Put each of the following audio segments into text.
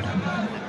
Ramadan.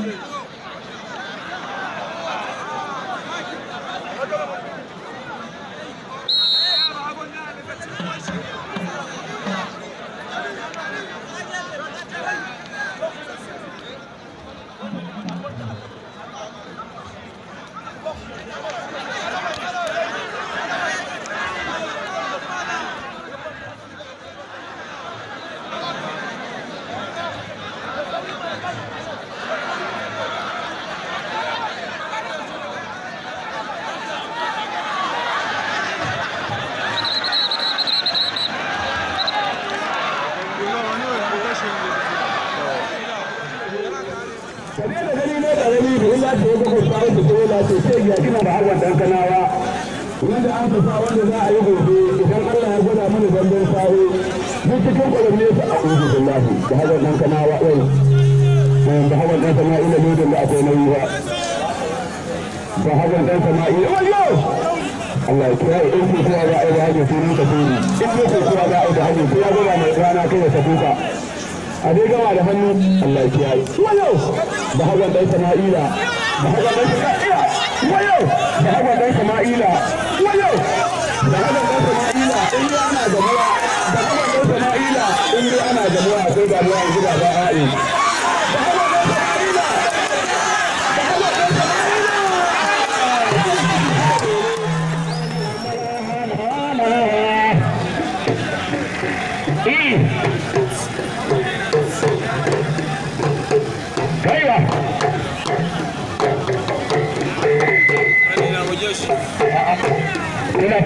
Thank you. su tsola sosai ga gina da harwan dan kanawa wanda an fasa wanda za a yi gobe idan Allah ya gwada mana zambon sawo duk cikin kwalamne su a billahi da harwan dan kanawa wai da harwan dan sama'ila lodin da akwai nauyi ba da harwan dan sama'ila wayo Allah ya kira in ko kowa za a yi da hanyar sunan ka tuni in ko kowa za a yi da hanyar ya gwada mai rana kai ya sabuka a dai gama da hannu Allah ya kiyaye wayo da harwan dan sama'ila da da Sama'ila da Sama'ila in ana damuwa da hagan dan Sama'ila da da Yeah.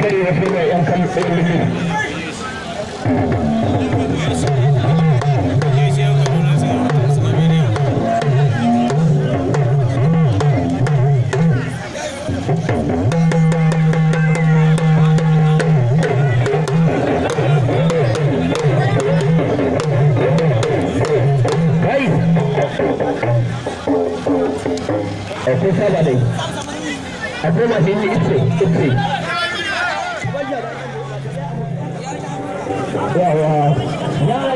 kai ya fi mai yan kan tsirri Aku sabar deh. Aku masih ini istri, istri. Yeah, yeah. yeah.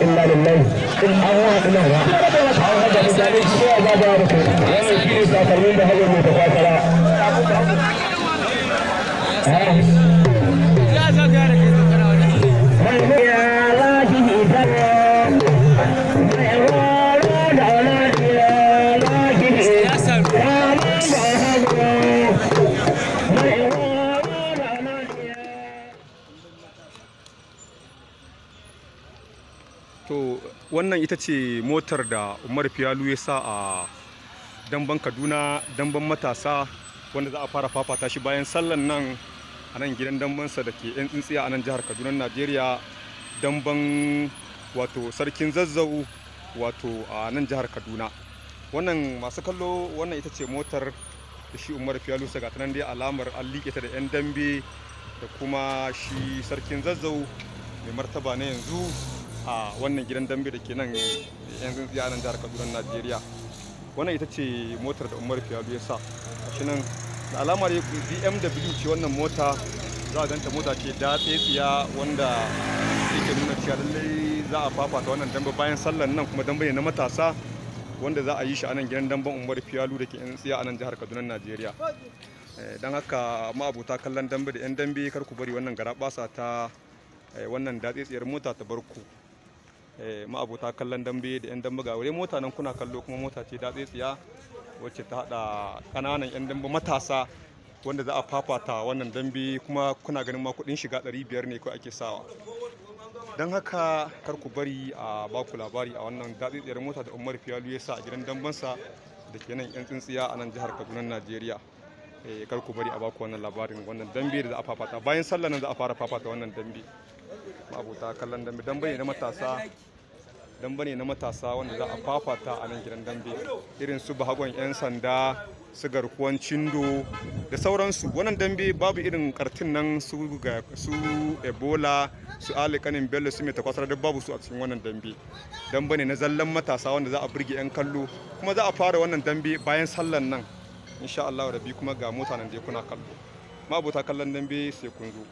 inna lillahi in an wa ina ba an haɗa mutane shi ya ba da wani kuma shi ne sakarmin da hajjar mai ta kwasara Ya zaga da ke zakara wani. wannan ita ce motar da umar fiyalu ya sa a damban kaduna damban matasa wanda za a fara fafata shi bayan sallan nan a nan gidan dambansa da ke yan tsintsiya a nan jihar kaduna najeriya damban wato sarkin zazzau wato a nan jihar kaduna wannan masu kallo wannan ita ce motar da shi umar fiyalu sa gata nan dai alamar an liƙe ta da yan dambe da kuma shi sarkin zazzau mai martaba na yanzu a wannan gidan dambe da ke nan yanzu nan jihar kaduna najeriya wannan ita ce motar da umar fiyalu ya sa a shi nan da alamar bmw ce wannan mota za a ganta mota ce da tsetsiya wanda yake nuna cewa lallai za a fafata wannan dambe bayan sallan nan kuma dambe ne na matasa wanda za a yi shi a nan gidan damben umar fiyalu da ke yan tsiya a nan jihar kaduna najeriya eh, don haka ma'abuta kallon dambe da yan dambe kar ku bari wannan garaɓasa ta eh, wannan datsetsiyar mota ta barku Eh, ma'abota kallon dambe da 'yan dambe ga wuri mota nan kuna kallo kuma mota ce da tsiya wacce ta hada kananan 'yan dambe matasa wanda za a fafata wannan dambe kuma kuna ganin ma kudin shiga 500 ne kawai ake sawa don haka kar ku bari a baku labari a wannan tsayar mota da umar fiyalu ya sa a gidan dambansa da ke nan 'yan tsintsiya a nan jihar kaduna najeriya eh, kar ku bari a baku wannan labarin wannan dambe da za a fafata bayan sallah nan za a fara fafata wannan dambe ma'abota kallon dambe dambe ne na matasa damba ne na matasa wanda za a fafata a nan gidan dambe irin su bahagon 'yan sanda su garkuwan cindo da sauransu wannan dambe babu irin kartin nan su su ebola su alikanin bello su mai takwasar da babu su a cikin wannan dambe damba ne na zallan matasa wanda za a burge 'yan kallo kuma za a fara wannan dambe bayan sallan nan insha Allah rabi kuma ga mota nan da kuna kallo ma abota kallon dambe sai kun zo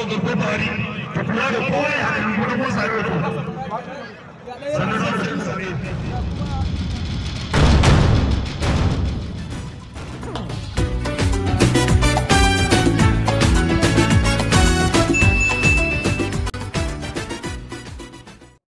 yau babban bari ka kula da kowa ya